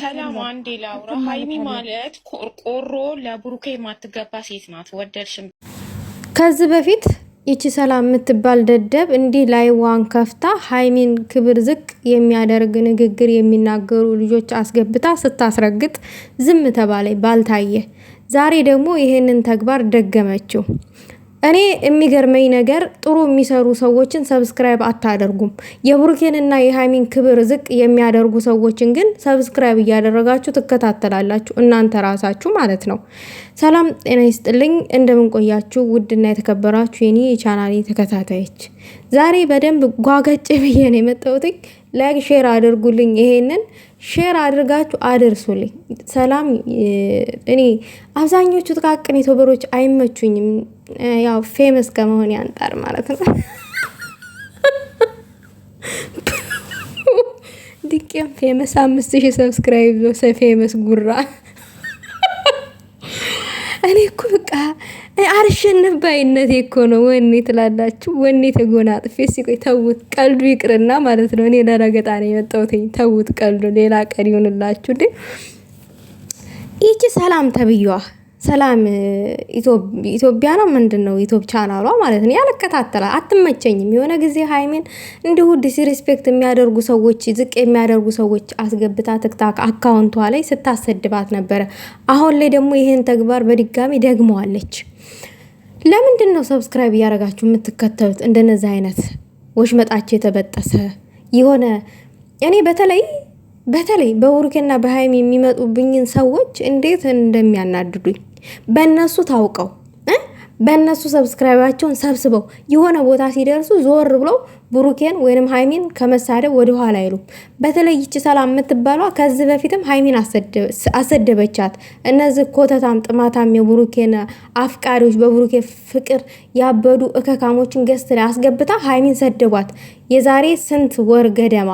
ሰላም፣ አንዴ ላውራ። ሀይሚ ማለት ቆርቆሮ ለብሩኬ የማትገባ ሴት ናት። ወደድሽም ከዚህ በፊት ይቺ ሰላም የምትባል ደደብ እንዲህ ላይ ዋን ከፍታ ሀይሚን ክብር ዝቅ የሚያደርግ ንግግር የሚናገሩ ልጆች አስገብታ ስታስረግጥ ዝም ተባለ ባልታየ። ዛሬ ደግሞ ይሄንን ተግባር ደገመችው። እኔ የሚገርመኝ ነገር ጥሩ የሚሰሩ ሰዎችን ሰብስክራይብ አታደርጉም። የብሩኬንና የሃይሚን ክብር ዝቅ የሚያደርጉ ሰዎችን ግን ሰብስክራይብ እያደረጋችሁ ትከታተላላችሁ፣ እናንተ ራሳችሁ ማለት ነው። ሰላም ጤና ይስጥልኝ፣ እንደምንቆያችሁ ውድና የተከበራችሁ የኔ የቻናሌ ተከታታዮች፣ ዛሬ በደንብ ጓገጭ ብዬ ነው ላይክ ሼር አድርጉልኝ፣ ይሄንን ሼር አድርጋችሁ አድርሱልኝ። ሰላም እኔ አብዛኞቹ ጥቃቅን ዩቱበሮች አይመቹኝም። ያው ፌመስ ከመሆን አንጻር ማለት ነው። ድቄም ፌመስ አምስት ሺህ ሰብስክራይብ ፌመስ ጉራ እኔ እኮ በቃ አርሸነፍ ባይነቴ እኮ ነው። ወኔ ትላላችሁ፣ ወኔ ተጎናጥፌ ሲቆይ ተውት፣ ቀልዱ ይቅርና ማለት ነው። እኔ ለረገጣ ነው የመጣሁትኝ። ተውት ቀልዱ፣ ሌላ ቀን ይሁንላችሁ። እንዴ ይቺ ሰላም ተብዬዋ ሰላም ኢትዮጵያ ነው ምንድን ነው ዩቱብ ቻናሏ ማለት ነው። ያለከታተላ አትመቸኝም። የሆነ ጊዜ ሀይሜን እንዲሁ ዲስሪስፔክት የሚያደርጉ ሰዎች፣ ዝቅ የሚያደርጉ ሰዎች አስገብታ ትክታክ አካውንቷ ላይ ስታሰድባት ነበረ። አሁን ላይ ደግሞ ይህን ተግባር በድጋሚ ደግመዋለች። ለምንድን ነው ሰብስክራይብ እያደረጋችሁ የምትከተሉት? እንደነዚህ አይነት ወሽመጣቸው የተበጠሰ የሆነ እኔ በተለይ በተለይ በቡሩኬና በሀይሚ የሚመጡብኝን ሰዎች እንዴት እንደሚያናድዱኝ በእነሱ ታውቀው በእነሱ ሰብስክራይባቸውን ሰብስበው የሆነ ቦታ ሲደርሱ ዞር ብለው ብሩኬን ወይንም ሀይሚን ከመሳደብ ወደኋላ አይሉ በተለይ ይቺ ሰላም የምትባሏ ከዚህ በፊትም ሀይሚን አሰደበቻት። እነዚህ ኮተታም ጥማታም የብሩኬን አፍቃሪዎች በብሩኬ ፍቅር ያበዱ እከካሞችን ገስት ላይ አስገብታ ሀይሚን ሰደቧት። የዛሬ ስንት ወር ገደማ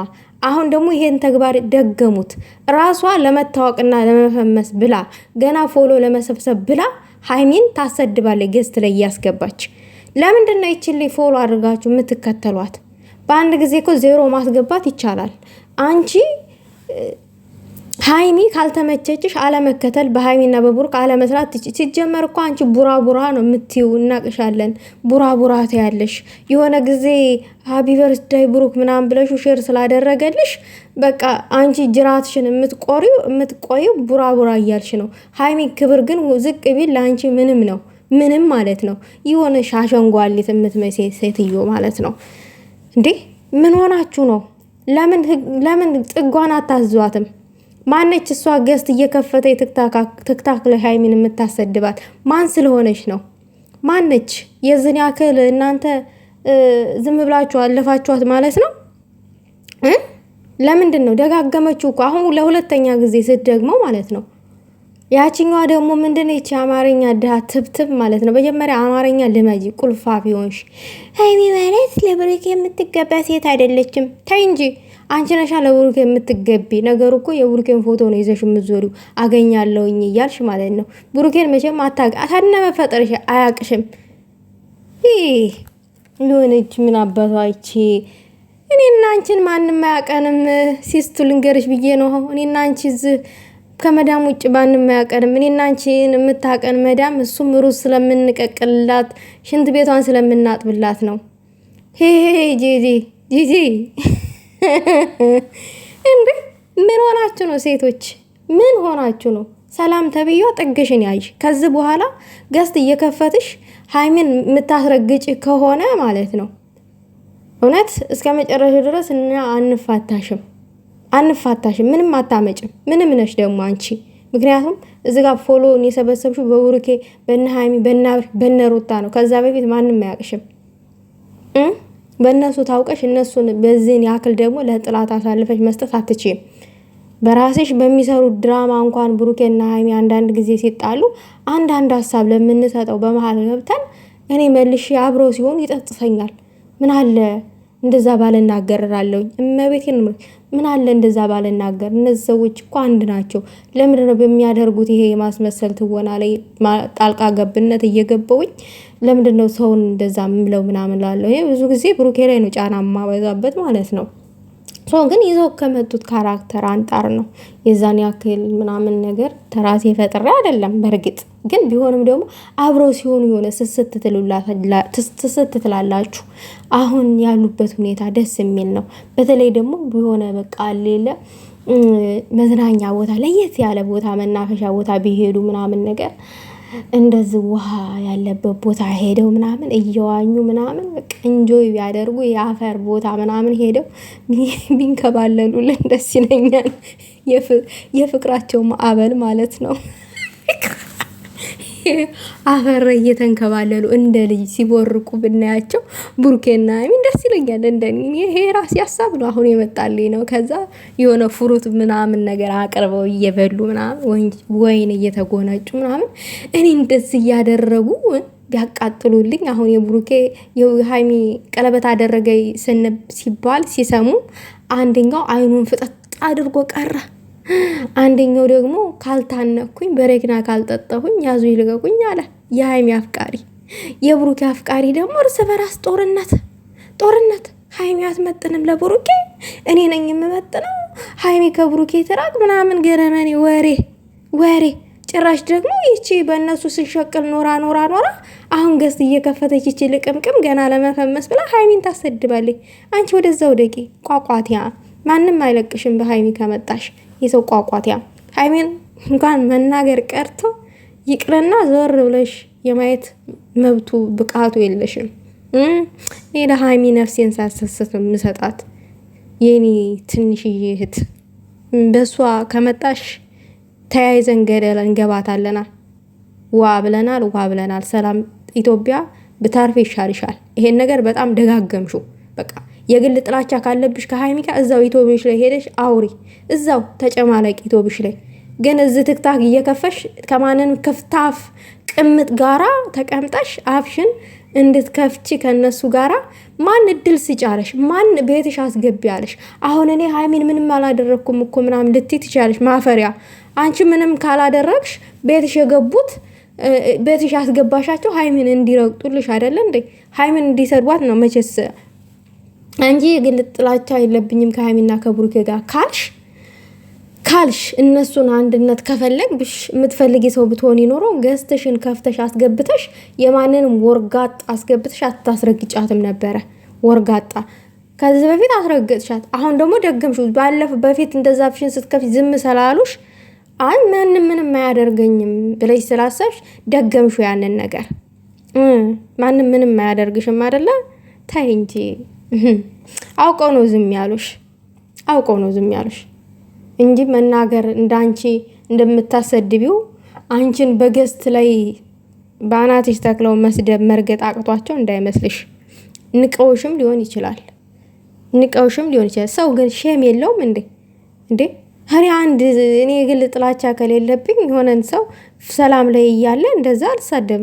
አሁን ደግሞ ይሄን ተግባር ደገሙት። ራሷ ለመታወቅና ለመፈመስ ብላ ገና ፎሎ ለመሰብሰብ ብላ ሀይሚን ታሰድባለች። ገዝት ላይ እያስገባች ለምንድን ነው ይችን ላይ ፎሎ አድርጋችሁ የምትከተሏት? በአንድ ጊዜ እኮ ዜሮ ማስገባት ይቻላል። አንቺ ሀይሚ ካልተመቸችሽ አለመከተል በሀይሚና በቡርቅ አለመስራት ሲጀመር እኮ አንቺ ቡራ ቡራ ነው የምትይው፣ እናቅሻለን። ቡራ ቡራ ትያለሽ። የሆነ ጊዜ ሀቢ በርስዳይ ብሩክ ምናምን ብለሽ ሼር ስላደረገልሽ በቃ አንቺ ጅራትሽን የምትቆሪው የምትቆይው ቡራ ቡራ እያልሽ ነው። ሀይሚ ክብር ግን ዝቅ ቢል ለአንቺ ምንም ነው፣ ምንም ማለት ነው። የሆነ ሻሸንጓሊት የምትመስል ሴትዮ ማለት ነው። እንዴ ምን ሆናችሁ ነው? ለምን ለምን ጥጓን አታዟትም? ማነች እሷ ገስት እየከፈተ ትክታክ ላይ ሀይሚን የምታሰድባት ማን ስለሆነች ነው? ማነች? የዝን ያክል እናንተ ዝም ብላችሁ አለፋችኋት ማለት ነው። ለምንድን ነው ደጋገመችው እኮ አሁን ለሁለተኛ ጊዜ ስትደግመው ማለት ነው። ያችኛዋ ደግሞ ምንድን ይቺ አማርኛ ድሃ ትብትብ ማለት ነው። መጀመሪያ አማርኛ ልመጂ ቁልፋ ቢሆንሽ ሀይሚ ማለት ለብሩክ የምትገባ ሴት አይደለችም። ተይ እንጂ አንቺ ነሻ ለብሩክ የምትገቢ ነገሩ እኮ የብሩኬን ፎቶ ነው ይዘሽ የምትዞሪው አገኛለሁኝ እያልሽ ማለት ነው። ብሩኬን መቼም አታግ አታድነ መፈጠርሽ አያቅሽም። ይህ ሊሆነች ምን አባቷ ይቺ እኔና አንቺን ማንም አያቀንም። ሲስቱ ልንገርሽ ብዬ ነው። እኔና አንቺ እዚህ ከመዳም ውጭ ማንም አያቀንም። እኔና አንቺን የምታቀን መዳም እሱም ሩዝ ስለምንቀቅልላት ሽንት ቤቷን ስለምናጥብላት ነው። ሄሄ ጂጂ ጂጂ እንዴ ምን ሆናችሁ ነው ሴቶች? ምን ሆናችሁ ነው? ሰላም ተብዬ ጥግሽን ያይሽ። ከዚህ በኋላ ገስት እየከፈትሽ ሀይሚን የምታስረግጭ ከሆነ ማለት ነው እውነት እስከ መጨረሻ ድረስ እና አንፋታሽም፣ አንፋታሽም። ምንም አታመጭም። ምንም ነሽ ደግሞ አንቺ። ምክንያቱም እዚ ጋር ፎሎን የሰበሰብሽው በቡሩኬ በነ ሀይሚ በነ ሩታ ነው። ከዛ በፊት ማንም አያውቅሽም። በእነሱ ታውቀሽ እነሱን በዚህን ያክል ደግሞ ለጥላት አሳልፈሽ መስጠት አትችም። በራስሽ በሚሰሩት ድራማ እንኳን ብሩኬና ሀይሚ አንዳንድ ጊዜ ሲጣሉ አንዳንድ ሀሳብ ለምንሰጠው በመሀል ገብተን እኔ መልሼ አብረው ሲሆን ይጠጥሰኛል። ምን አለ እንደዛ ባልናገር እላለሁኝ። እመቤቴን ምን አለ እንደዛ ባልናገር። እነዚህ ሰዎች እኮ አንድ ናቸው። ለምንድን ነው በሚያደርጉት ይሄ የማስመሰል ትወና ላይ ጣልቃ ገብነት እየገባውኝ ለምንድን ነው ሰውን እንደዛ ምለው ምናምን ላለሁ። ይሄ ብዙ ጊዜ ብሩኬ ላይ ነው ጫና የማበዛበት ማለት ነው። ሰው ግን ይዘው ከመጡት ካራክተር አንጣር ነው የዛን ያክል ምናምን ነገር ተራሴ ፈጥሬ አይደለም በእርግጥ ግን ቢሆንም ደግሞ አብረው ሲሆኑ የሆነ ስስት ትላላችሁ። አሁን ያሉበት ሁኔታ ደስ የሚል ነው። በተለይ ደግሞ ቢሆነ በቃ ሌለ መዝናኛ ቦታ፣ ለየት ያለ ቦታ፣ መናፈሻ ቦታ ቢሄዱ ምናምን ነገር እንደዚህ ውሃ ያለበት ቦታ ሄደው ምናምን እየዋኙ ምናምን ቀንጆ ቢያደርጉ የአፈር ቦታ ምናምን ሄደው ቢንከባለሉልን ደስ ይለኛል። የፍቅራቸው ማዕበል ማለት ነው። አፈር እየተንከባለሉ እንደ ልጅ ሲቦርቁ ብናያቸው ቡርኬና ሀይሚን ደስ ይለኛል። እንደ ይሄ ራሴ ሀሳብ ነው አሁን የመጣልኝ ነው። ከዛ የሆነ ፍሩት ምናምን ነገር አቅርበው እየበሉ ምናምን ወይን እየተጎነጩ ምናምን እኔ እንደዚህ እያደረጉ ቢያቃጥሉልኝ አሁን የቡሩኬ የሀይሚ ቀለበት አደረገ ሲባል ሲሰሙ አንደኛው አይኑን ፍጠጥ አድርጎ ቀረ። አንደኛው ደግሞ ካልታነኩኝ በረግና ካልጠጠሁኝ ያዙ ይልቀቁኝ አለ የሀይሚ አፍቃሪ። የብሩኬ አፍቃሪ ደግሞ እርስ በራስ ጦርነት ጦርነት። ሀይሚ አትመጥንም ለብሩኬ፣ እኔ ነኝ የምመጥነው፣ ሀይሚ ከብሩኬ ትራቅ ምናምን ገረመኔ ወሬ ወሬ ጭራሽ ደግሞ ይቺ በእነሱ ስንሸቅል ኖራ ኖራ ኖራ አሁን ገስ እየከፈተች ይቺ ልቅምቅም ገና ለመፈመስ ብላ ሀይሚን ታሰድባለች። አንቺ ወደዛ ወደቂ ቋቋቲያ ማንም አይለቅሽም በሀይሚ ከመጣሽ የሰው ቋቋቲያ ሀይሜን እንኳን መናገር ቀርቶ ይቅርና ዞር ብለሽ የማየት መብቱ ብቃቱ የለሽም። እኔ ለሀይሚ ነፍሴን ሳሰስት የምሰጣት የኔ ትንሽዬ እህት በእሷ ከመጣሽ ተያይዘን ገደል እንገባታለና ዋ ብለናል፣ ዋ ብለናል። ሰላም ኢትዮጵያ ብታርፍ ይሻልሻል። ይሄን ነገር በጣም ደጋገምሹ። በቃ የግል ጥላቻ ካለብሽ ከሀይሚ ጋር እዛው ኢትዮብሽ ላይ ሄደሽ አውሪ፣ እዛው ተጨማለቅ ኢትዮብሽ ላይ። ግን እዚህ ትክታክ እየከፈሽ ከማንም ክፍታፍ ቅምጥ ጋራ ተቀምጠሽ አፍሽን እንድትከፍቺ ከነሱ ጋራ ማን እድል ስጫለሽ? ማን ቤትሽ አስገቢ አለሽ? አሁን እኔ ሀይሚን ምንም አላደረግኩም እኮ ምናምን ልትይ ትችያለሽ። ማፈሪያ አንቺ ምንም ካላደረግሽ ቤትሽ የገቡት ቤትሽ ያስገባሻቸው ሀይሚን እንዲረግጡልሽ አይደለ እንዴ? ሀይሚን እንዲሰድቧት ነው መቼስ እንጂ የግል ጥላቻ የለብኝም ከሀይሚና ከብሩኬ ጋር ካልሽ ካልሽ እነሱን አንድነት ከፈለግ ብሽ የምትፈልጊ ሰው ብትሆን ይኖሮ ገዝትሽን ከፍተሽ አስገብተሽ የማንንም ወርጋጣ አስገብተሽ አታስረግጫትም ነበረ። ወርጋጣ ከዚህ በፊት አስረግጥሻት፣ አሁን ደግሞ ደገምሽ። ባለፈ በፊት እንደዛ ብሽን ስትከፍሽ ዝም ስላሉሽ አይ ማንም ምንም አያደርገኝም ብለሽ ስላሰብሽ ደገምሹ ያንን ነገር። ማንም ምንም አያደርግሽም አይደለ? ታይ እንጂ አውቀው ነው ዝም ያሉሽ፣ አውቀው ነው ዝም ያሉሽ እንጂ መናገር እንዳንቺ እንደምታሰድቢው አንቺን በገስት ላይ በአናትሽ ተክለው መስደብ መርገጥ አቅቷቸው እንዳይመስልሽ። ንቀውሽም ሊሆን ይችላል፣ ንቀውሽም ሊሆን ይችላል። ሰው ግን ሼም የለውም እንዴ? እንዴ እኔ አንድ እኔ ግል ጥላቻ ከሌለብኝ የሆነን ሰው ሰላም ላይ እያለ እንደዛ አልሳደብም።